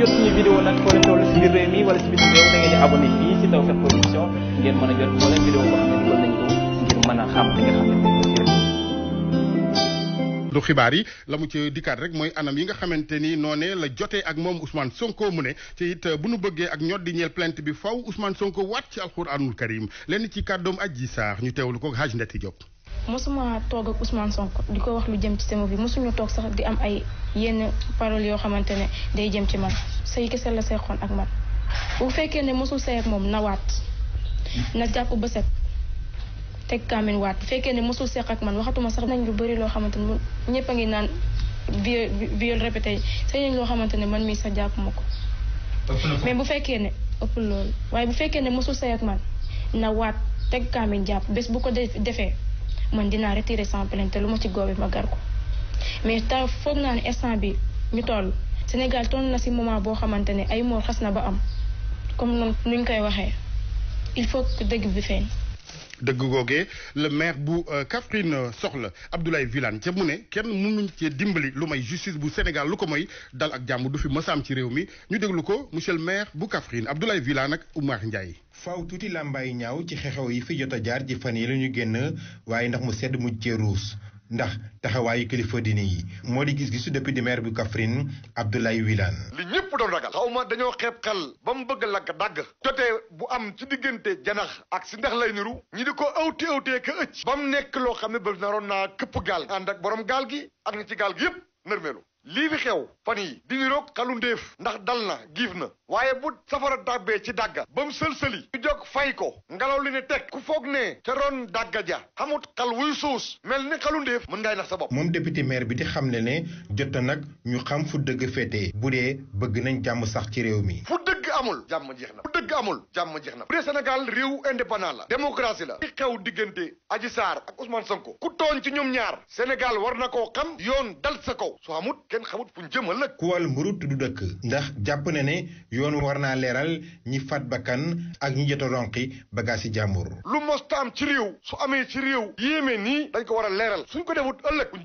jot mi wala si xibaar yi la mu ci dikkaat rek mooy anam yi nga xamante ni noonee la jotee ak moom Ousmane Sonko mu ne ci it bu nu bëggee ak ñot di ñeel plainte bi faw usmaan Sonko waat ci alxuraanul karim lenn ci kàddoom aji saax ñu teewlu ko Haj Ndeti Diop mosuma toog ak Ousmane Sonko di ko wax lu jëm ci sama vie mosuñu toog sax di am ay yenn paroles yoo xamante ne day jëm ci man say kese la say ak man bu fekkee ne mosul say ak moom na na jàpp ba set teg kaamin waat fekkee ne mosul seq ak man waxatuma sax nañ lu bëri loo xamante ne ñëpp a ngi naan viol viol répété say nañ xamante ne man mii sax jàppuma ko mais bu fekkee ne ëpp loolu waaye bu fekkee ne mosul say ak na waat teg kaamin jàpp bés bu ko defee man dinaa retirer sans plainte lu ma ci góobee ma gar mais ta foog naa ne estant bi ñu toll Sénégal ton na si moment boo xamante ne ay moo xas na ba am comme noonu nuñ koy waxee il faut que dëgg bi feeñ. dëgg googee le maire bu euh, Kaffrine euh, soxla Abdoulaye villan ca mu ne kenn mënuñ cee dimbali lu may justice bu Sénégal lu ko mooy dal ak jàmm du fi mësaam ci réew mi ñu déglu ko monsieur le maire bu Kaffrine Abdoulaye Wilane ak Oumar Ndiaye. faaw tuuti làmbaay ñaaw ci xew yi fi jot a jaar ci fan yi la ñu génn waaye ndax mu sedd mujj cee ruus. ndax taxawaayu kilifa diine yi moo di gis-gisu député maire bu Kaffrine Abdoulaye Wilane. li ñëpp doon ragal. xaw ma dañoo xeeb xel ba mu bëgg lakk dagg jotee bu am ci diggante janax ak si ndax lay niru. ñi di ko awti awtee ka ëcc. ba mu nekk loo xam ne ba naroon naa këpp gaal. ànd ak borom gaal gi ak na ci gaal gi yëpp nërmeelu. lii fi xew fan yi di niroog xalu ndéef ndax dal na giif na waaye bu safara dàbbee ci dàgga ba mu sël-sëli ñu jóg fay ko ngelaw li ne teg ku foog ne ca roon dàgga ja xamut xal wuy suus mel ni xalu ndéef mën ngay nax sa bopp moom député maire bi di xam ne ne jot nag ñu xam fu dëgg féete bu dee bëgg nañ jàmm sax ci réew mi amul jàmm jeex na bu dee Sénégal réew indépendant la démocratie la li xew diggante Adji Sarr ak Ousmane Sonko ku tooñ ci ñoom ñaar Sénégal war na koo xam yoon dal sa kaw su amut kenn xamut fu ñu jëm ëllëg ku wal mburu tudd dëkk ndax jàpp ne ne yoon war naa leeral ñi faat bakkan ak a ronqi bagage yi jàmbur lu mosta am ci réew su amee a leeral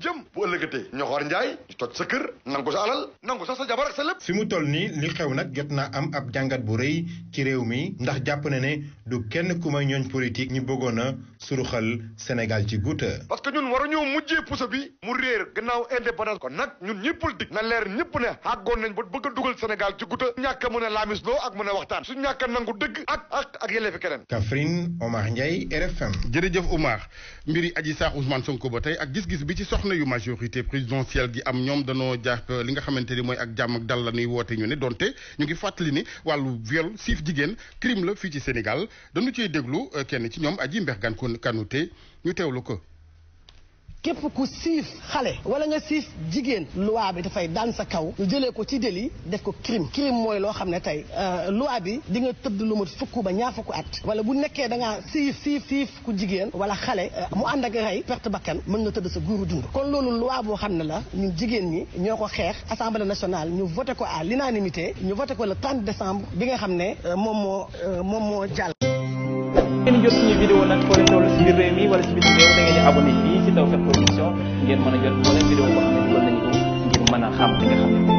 jëm bu ëllëgatee ñoxoor njaay ñu toj sa kër nangu sa alal nangu sax sa jabar ak sa lépp fi mu toll nii li xew nag jot naa am ab jàng jàngat bu rëy ci réew mi ndax jàpp na ne du kenn ku ñooñ politique ñu bëggoon a suruxal Sénégal ci guuta parce que ñun waruñoo mujjee puso bi mu réer gannaaw indépendance kon nag ñun ñi politique na leer ñëpp ne àggoon nañ ba bëgg a dugal Sénégal ci guuta ñàkk a mën a laamisloo ak mën a waxtaan su ñàkk a nangu dëgg ak ak ak yelleefi keneen Kaffrine Omar Ndiaye RFM jërëjëf Omar mbiri Adji Sarr Ousmane Sonko ba tey ak gis-gis bi ci soxna yu majorité présidentielle gi am ñoom danoo li nga xamante ni ak jàmm ak dal la ñuy woote wàllu viol siif jigéen crime la fii ci Sénégal dañu ciy déglu euh, kenn ci ñoom aji mbex gan ko kanute ñu teewlu ko képp ku siif xale wala nga siif jigéen loi bi dafay daan sa kaw ñu jëlee ko ci délit def ko crime crime mooy loo xam ne tey euh, loi bi di nga tëdd lu mu fukk ba ñaar fukk at wala bu nekkee da ngaa siif siif siif ku jigéen wala xale euh, mu ànd ak rey perte bakkan mën nga tëdd sa guuru dund kon loolu loi boo xam ne la ñun jigéen ñi ñoo ko xeex assemblée national ñu voté ko à l'unanimité ñu voté ko la 30 décembre bi nga xam ne euh, moom moo moom moo jàll ngeen jot suñu vidéo nag foo leen toll si biir réew mi wala si bitim réew da ngeen di abonné fii si Tawfekh Production ngeen mën a ko ngir mën a xam